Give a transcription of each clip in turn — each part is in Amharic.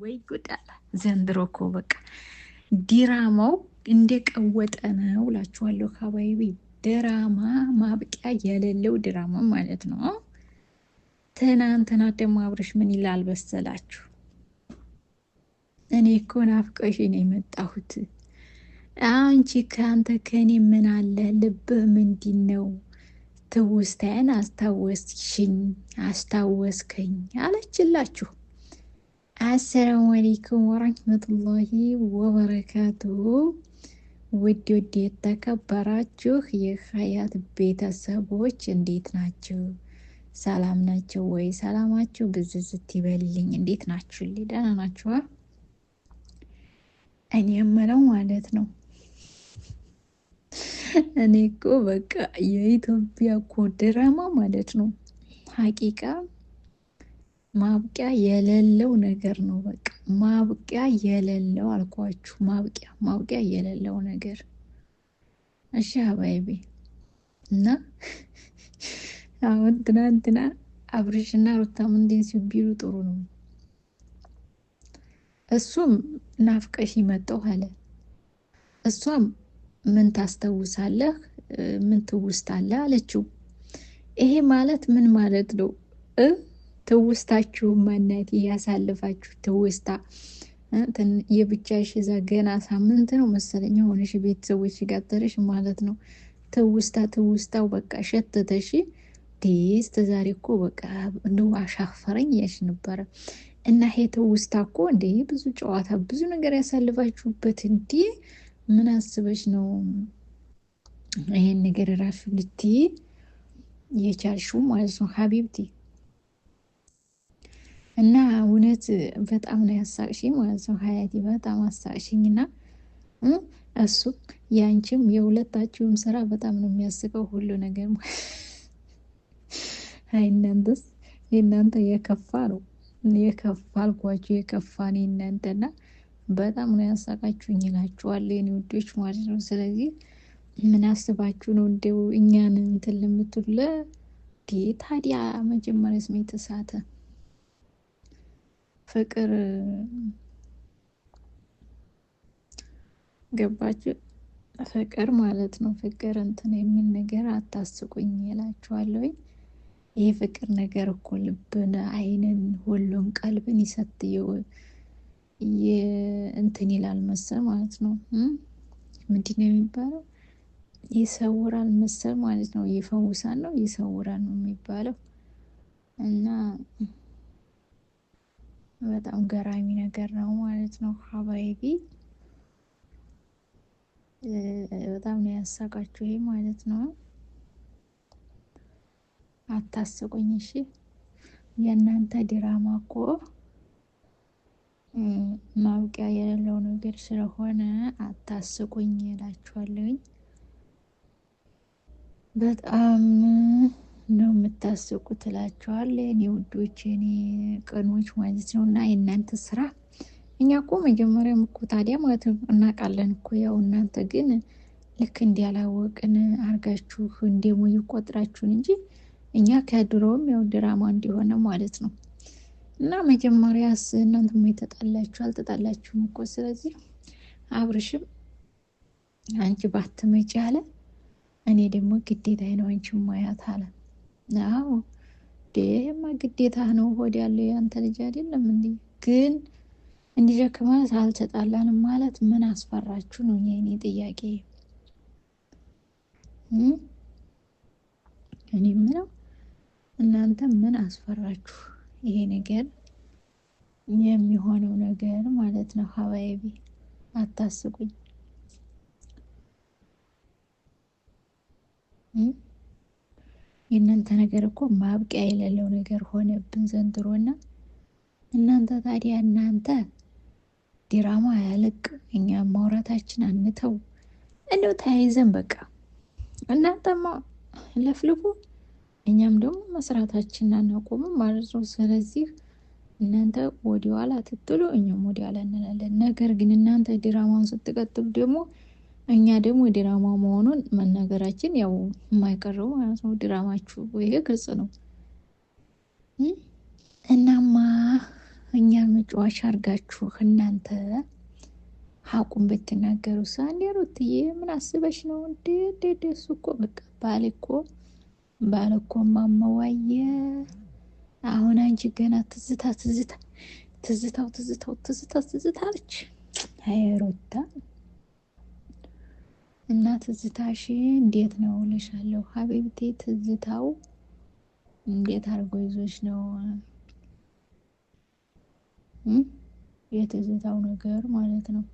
ወይ ጉድ ዘንድሮ እኮ በቃ ዲራማው እንደቀወጠ ነው ላችኋለሁ። ካባይቢ ድራማ ማብቂያ የሌለው ድራማ ማለት ነው። ትናንትና ደግሞ አብረሽ ምን ይላል በሰላችሁ? እኔ እኮ ናፍቀሽ ነው የመጣሁት። አንቺ ከአንተ ከእኔ ምን አለ ልብህ ምንድን ነው? ትውስታዬን አስታወስሽኝ፣ አስታወስከኝ አለችላችሁ። አሰላሙ አሌይኩም ወራህመቱላሂ ወበረካቱሁ። ውድ ውድ የተከበራችሁ የሀያት ቤተሰቦች እንዴት ናችሁ? ሰላም ናቸው ወይ? ሰላማችሁ ብዙ ስትይበልኝ። እንዴት ናችሁ? ደህና ናችኋ? እኔ የምለው ማለት ነው እኔ እኮ በቃ የኢትዮጵያ እኮ ድራማ ማለት ነው ሀቂቃ ማብቂያ የሌለው ነገር ነው። በቃ ማብቂያ የሌለው አልኳችሁ። ማብቂያ ማብቂያ የሌለው ነገር እሺ አባይቢ እና አሁን ትናንትና አብርሽና ሩታ ምንድን ሲቢሉ ጥሩ ነው። እሱም ናፍቀሽ መጣሁ አለ። እሷም ምን ታስተውሳለህ ምን ትውስታለህ አለችው። ይሄ ማለት ምን ማለት ነው? ትውስታችሁ ማናት እያሳልፋችሁ ትውስታ የብቻሽ እዛ ገና ሳምንት ነው መሰለኝ ሆነሽ ቤተሰቦች ጋጠረሽ ማለት ነው። ትውስታ ትውስታው በቃ ሸተተሽ ዴስ ተዛሬ እኮ በቃ እንደው አሻፈረኝ ያሽ ነበረ እና ይሄ ትውስታ እኮ እንደ ብዙ ጨዋታ ብዙ ነገር ያሳልፋችሁበት እንዲ ምን አስበሽ ነው ይሄን ነገር ራሱ ልትይ የቻልሽው ማለት ነው ሀቢብቴ። እና እውነት በጣም ነው ያሳቅሽኝ ማለት ነው ሀያቴ፣ በጣም አሳቅሽኝ። እና እሱ የአንቺም የሁለታችሁም ስራ በጣም ነው የሚያስቀው ሁሉ ነገር። እናንተስ የእናንተ የከፋ ነው የከፋ አልኳችሁ፣ የከፋ ነው የእናንተና በጣም ነው ያሳቃችሁኝ ይላችኋል የኔ ውዶች ማለት ነው። ስለዚህ ምን አስባችሁ ነው እንደው እኛን እንትን ለምትለ ታዲያ መጀመሪያ ስሜት ተሳተ ፍቅር ገባችሁ? ፍቅር ማለት ነው። ፍቅር እንትን የሚል ነገር አታስቁኝ ይላችኋለሁ ይህ ፍቅር ነገር እኮ ልብን፣ አይንን፣ ሁሉን ቀልብን ይሰት እንትን ይላል መሰል ማለት ነው። ምንድን ነው የሚባለው? ይሰውራል መሰል ማለት ነው። ይፈውሳል ነው ይሰውራል ነው የሚባለው እና በጣም ገራሚ ነገር ነው ማለት ነው። ሀባይቢ በጣም ነው ያሳቃችሁ ይሄ ማለት ነው። አታስቁኝ እሺ። የእናንተ ድራማ እኮ ማብቂያ የሌለው ነገር ስለሆነ አታስቁኝ እላችኋለሁኝ በጣም ነው የምታስቁ ትላቸዋል። የኔ ውዶች፣ የኔ ቀኖች ማለት ነው እና የእናንተ ስራ እኛ እኮ መጀመሪያም እኮ ታዲያ ማለት ነው እናውቃለን እኮ ያው እናንተ ግን ልክ እንዲያላወቅን አርጋችሁ እንደሞ ይቆጥራችሁን እንጂ እኛ ከድሮውም ያው ድራማ እንዲሆነ ማለት ነው እና መጀመሪያስ እናንተም የተጣላችሁ አልተጣላችሁም እኮ ስለዚህ አብርሽም አንቺ ባትመጪ አለ እኔ ደግሞ ግዴታ ነው አንቺ ማያት አለ አዎ ደማ ግዴታ ነው። ሆድ ያለው የአንተ ልጅ አይደለም እንዲ ግን እንዲጀክ ማለት አልተጣላንም ማለት ምን አስፈራችሁ ነው የእኔ ጥያቄ። እኔ ምለው እናንተ ምን አስፈራችሁ? ይሄ ነገር የሚሆነው ነገር ማለት ነው። ሀባይቢ አታስቁኝ። የእናንተ ነገር እኮ ማብቂያ የሌለው ነገር ሆነብን ዘንድሮና እናንተ ታዲያ እናንተ ዲራማ ያልቅ እኛ ማውራታችን አንተው እንደው ተያይዘን በቃ እናንተማ ለፍልፉ እኛም ደግሞ መስራታችን አናቆምም ማለት ነው። ስለዚህ እናንተ ወዲዋላ ትትሉ እኛም ወዲዋላ እንላለን። ነገር ግን እናንተ ዲራማውን ስትቀጥሉ ደግሞ እኛ ደግሞ ድራማ መሆኑን መናገራችን ያው የማይቀረው ማለት ነው። ድራማችሁ ይሄ ግልጽ ነው። እናማ እኛ መጫወቻ አርጋችሁ እናንተ ሀቁን ብትናገሩ ሳኔ ሩትዬ ምን አስበሽ ነው እንዴ? እንዴ እሱ እኮ በቃ ባል እኮ ባል እኮ ማመዋየ አሁን አንቺ ገና ትዝታ ትዝታ ትዝታው ትዝታው ትዝታ ትዝታ አለች ሩታ እና ትዝታሽ እንዴት ነው እልሻለሁ። ሀቢብቴ ትዝታው እንዴት አድርጎ ይዞች ነው የትዝታው ነገር ማለት ነው።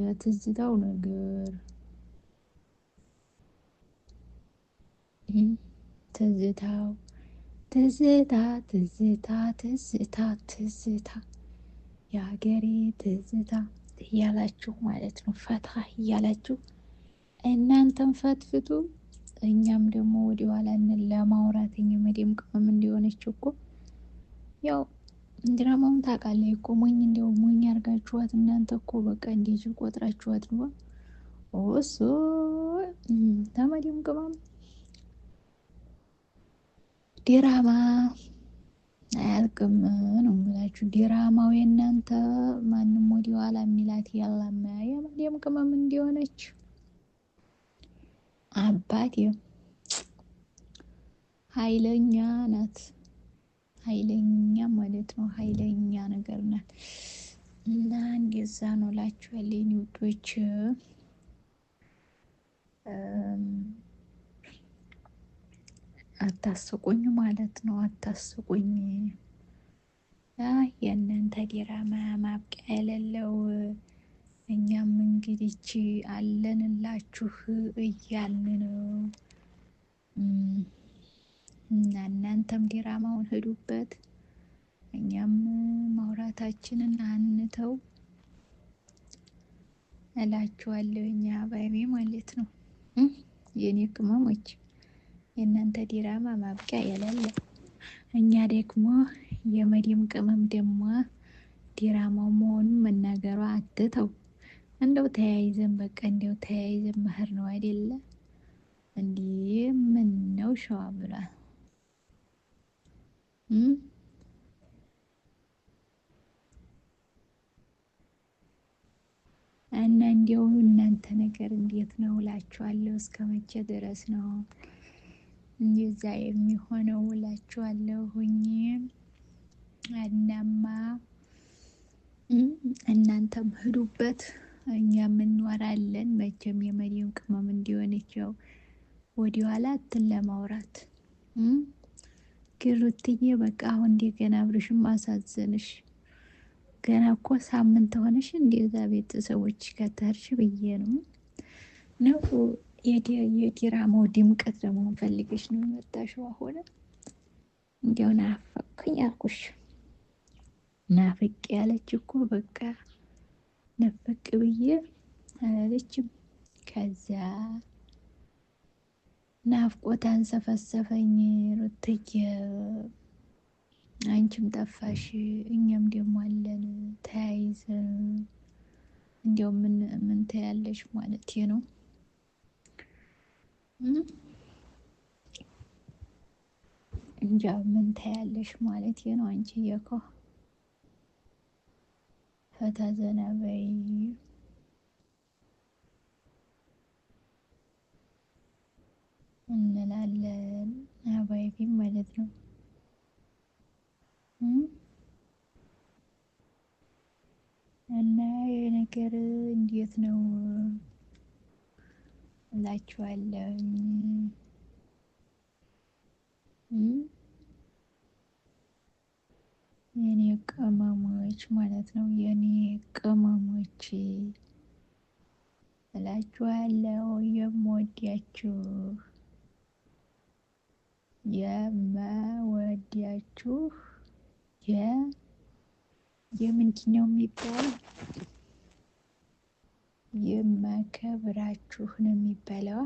የትዝታው ነገር ትዝታው ትዝታ ትዝታ ትዝታ ትዝታ የሀገሬ ትዝታ እያላችሁ ማለት ነው። ፈታ እያላችሁ እናንተም ፈትፍቱ፣ እኛም ደግሞ ወደኋላ ለማውራት እኛ መዲም ቅመም እንዲሆነች እኮ ያው ድራማውን ታውቃለህ እኮ ሞኝ እንዲያው ሞኝ አድርጋችኋት እናንተ እኮ በቃ እንዲህ ቆጥራችኋት ነው እሱ ተመዲም ቅመም ድራማ አያልቅም ነው ታውቃላችሁ። ዲራማው የእናንተ ማንም ወዲ ኋላ የሚላት ያላማ የማርያም ቅመም እንዲሆነች አባቴ ኃይለኛ ናት። ኃይለኛ ማለት ነው። ኃይለኛ ነገር ናት እና እንደዛ ነው ላችኋለሁ የእኔ ውዶች። አታስቁኝ ማለት ነው። አታስቁኝ የእናንተ ዲራማ ማብቂያ የሌለው እኛም እንግዲች አለንላችሁ እያልን ነው እና እናንተም ዲራማውን ሂዱበት፣ እኛም ማውራታችንን አንተው እላችኋለሁ። እኛ ባይቤ ማለት ነው የኔ ቅመሞች የእናንተ ዲራማ ማብቂያ የሌለው እኛ ደግሞ የመዲም ቅመም ደግሞ ዲራማው መሆኑን መናገሯ አትተው እንደው ተያይዘን በቃ እንደው ተያይዘን መህር ነው አይደለ? እንዲህ ምን ነው ሸዋ ብሏል። እና እንዲያው እናንተ ነገር እንዴት ነው እላችኋለሁ። እስከ መቼ ድረስ ነው እንደዛ የሚሆነው ውላችኋለሁኝ። እናማ እናንተም ሂዱበት፣ እኛም እንወራለን። መቼም የመዲውን ቅመም እንዲሆነች ያው ወዲኋላ እትን ለማውራት ግሩትዬ በቃ አሁን እንደገና አብርሽም አሳዘንሽ። ገና እኮ ሳምንት ሆነሽ እንደዛ ቤተሰቦች ከተርሽ ብዬ ነው ነው የዲራማው ድምቀት ደግሞ ፈልገሽ ነው የመጣሽው። አሁን እንዲያው ናፈቅኝ አልኩሽ። ናፍቅ ያለች እኮ በቃ ነፈቅ ብዬ አላለችም። ከዚያ ናፍቆታን ሰፈሰፈኝ ሩትዬ፣ አንቺም ጠፋሽ፣ እኛም ደግሞ አለን ተያይዘን እንዲያው ምን ምን ታያለሽ ማለት ነው እንጃ ምን ታያለሽ ማለት ነው። አንቺ የኮ ፈታ ዘና በይ። እንላለን አባይቢ ማለት ነው። እና የነገር እንዴት ነው? እላችኋለሁ። የኔ ቅመሞች ማለት ነው። የኔ ቅመሞች እላችኋለሁ የምወዳችሁ የምወዳችሁ የምንድን ነው የሚባል የማከብራችሁ ነው የሚባለው።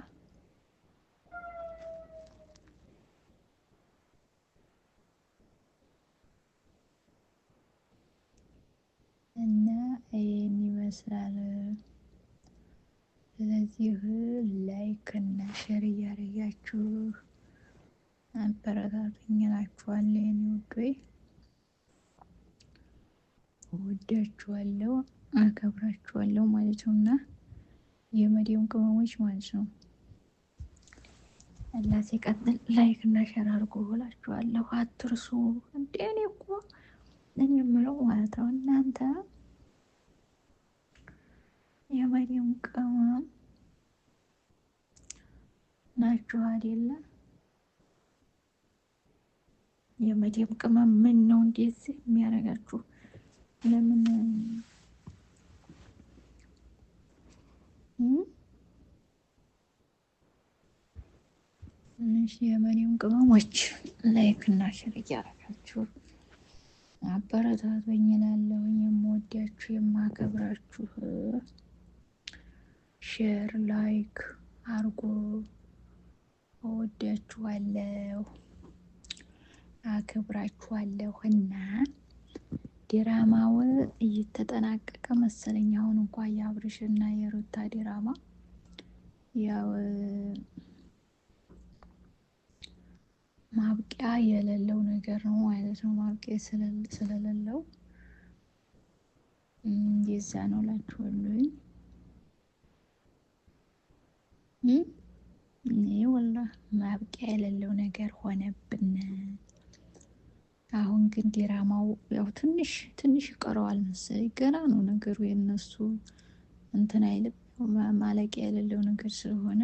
እና ይህን ይመስላል። ስለዚህ ላይክ እና ሸር እያደረጋችሁ አበረታቱኝ እላችኋለሁ። የኔ ውዶች ወዳችኋለሁ። አከብራችኋለሁ ማለት ነው እና የመዲሁም ቅመሞች ማለት ነው። እና ሲቀጥል ላይክ እና ሸር አድርጎ ብላችኋለሁ አትርሱ። እንደ እኔ እኮ እኔ የምለው ማለት ነው እናንተ የመዲሁም ቅመም ናችሁ አይደለ? የመዲሁም ቅመም ምን ነው እንዴት የሚያደርጋችሁ ለምን እሺ የመኔም ቅመሞች ላይክ እና ሼር እያደረጋችሁ አበረታቶኝ እላለሁኝ። የምወዳችሁ የማከብራችሁ፣ ሼር ላይክ አርጎ እወዳችኋለሁ፣ አከብራችኋለሁ እና ዲራማው እየተጠናቀቀ መሰለኝ። አሁን እንኳ የአብርሽ እና የሩታ ዲራማ ያው ማብቂያ የሌለው ነገር ነው ማለት ነው። ማብቂያ ስለሌለው የዛ ነው ላችሁልኝ። ይህ ወላ ማብቂያ የሌለው ነገር ሆነብን። አሁን ግን ዲራማው ያው ትንሽ ትንሽ ይቀረዋል መሰለኝ። ገና ነው ነገሩ የነሱ እንትን አይልም ማለቂያ የሌለው ነገር ስለሆነ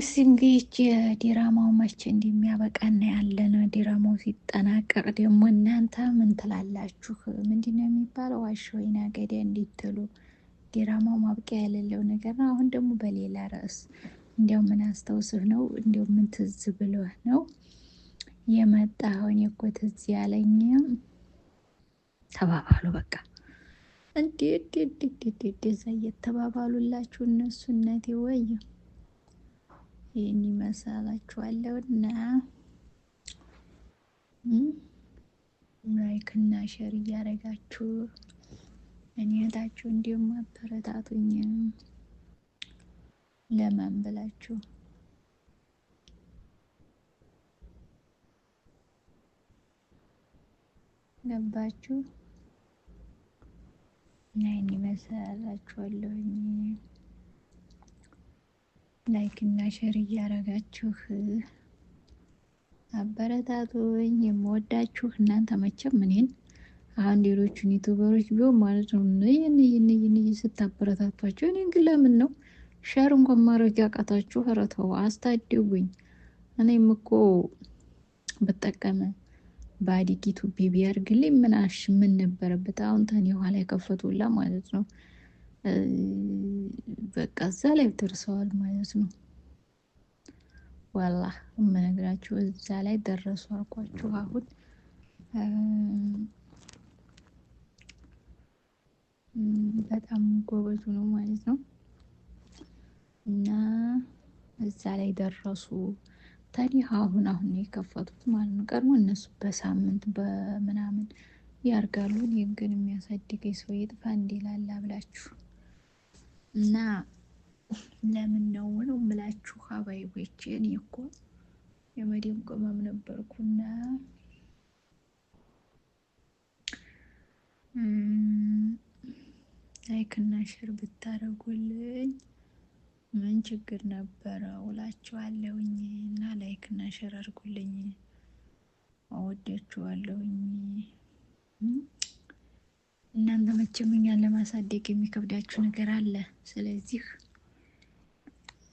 እስቲ እንግዲህ የዲራማው መቼ እንደሚያበቃ እናያለን። ዲራማው ሲጠናቀቅ ደግሞ እናንተ ምን ትላላችሁ? ምንድን ነው የሚባለው? ዋሽ ወይን አገዳ እንዲትሉ ዲራማው ማብቂያ የሌለው ነገር ነው። አሁን ደግሞ በሌላ ርዕስ እንዲያው ምን አስታውስህ ነው እንዲያው ምን ትዝ ብሎህ ነው የመጣኸውን እኮ ትዝ ያለኝ ተባባሉ። በቃ እንዴ ዴ እዛ እየተባባሉላችሁ እነሱ እነቴ ወይ ይህን ይመስላችኋለሁና ላይክ እና ሼር እያደረጋችሁ እኔታችሁ እንዲሁም አበረታቱኝ ለማን ብላችሁ ገባችሁ? ናይን ይመስላችኋለሁኝ። ላይክ እና ሼር እያረጋችሁ አበረታቱኝ። የምወዳችሁ እናንተ መቼም እኔን አሁን ሌሎቹን ዩቱበሮች ቢሆን ማለት ነው ነይን ይን ስታበረታቷቸው፣ እኔ ግን ለምን ነው ሸር እንኳን ማድረግ ያቃታችሁ? ኧረ ተው አስታድጉኝ። እኔም እኮ ብጠቀመ በአዲጊቱ ቱቢ ቢያርግልኝ ምን አሽ ምን ነበረበት? አሁን ተኔ ኋላ የከፈቱላ ማለት ነው። በቃ እዛ ላይ ደርሰዋል ማለት ነው። ዋላ የምነግራችሁ እዛ ላይ ደረሱ አልኳችሁ። አሁን በጣም ጎበዙ ነው ማለት ነው እና እዛ ላይ ደረሱ። ታዲያ አሁን አሁን የከፈቱት ማለት ነው። ቀድሞ እነሱ በሳምንት በምናምን ያርጋሉ። እኔ ግን የሚያሳድገኝ ሰው የጥፋ እንዲላለ ብላችሁ እና ለምን ነው ነው ምላችሁ ሀባይቦች። እኔ እኮ የመዲም ቅመም ነበርኩና ላይክ እና ሸር ብታደርጉልኝ ምን ችግር ነበረ ውላችኋለሁኝ። እና ላይክ እና ሸር አድርጉልኝ። እወዳችኋለሁኝ። እናንተ መቼም እኛን ለማሳደግ የሚከብዳችሁ ነገር አለ። ስለዚህ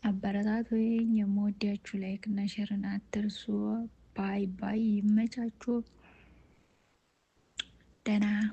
አበረታት ወይም የምወዳችሁ ላይክ እና ሸርን አትርሱ። ባይ ባይ። ይመቻችሁ። ደህና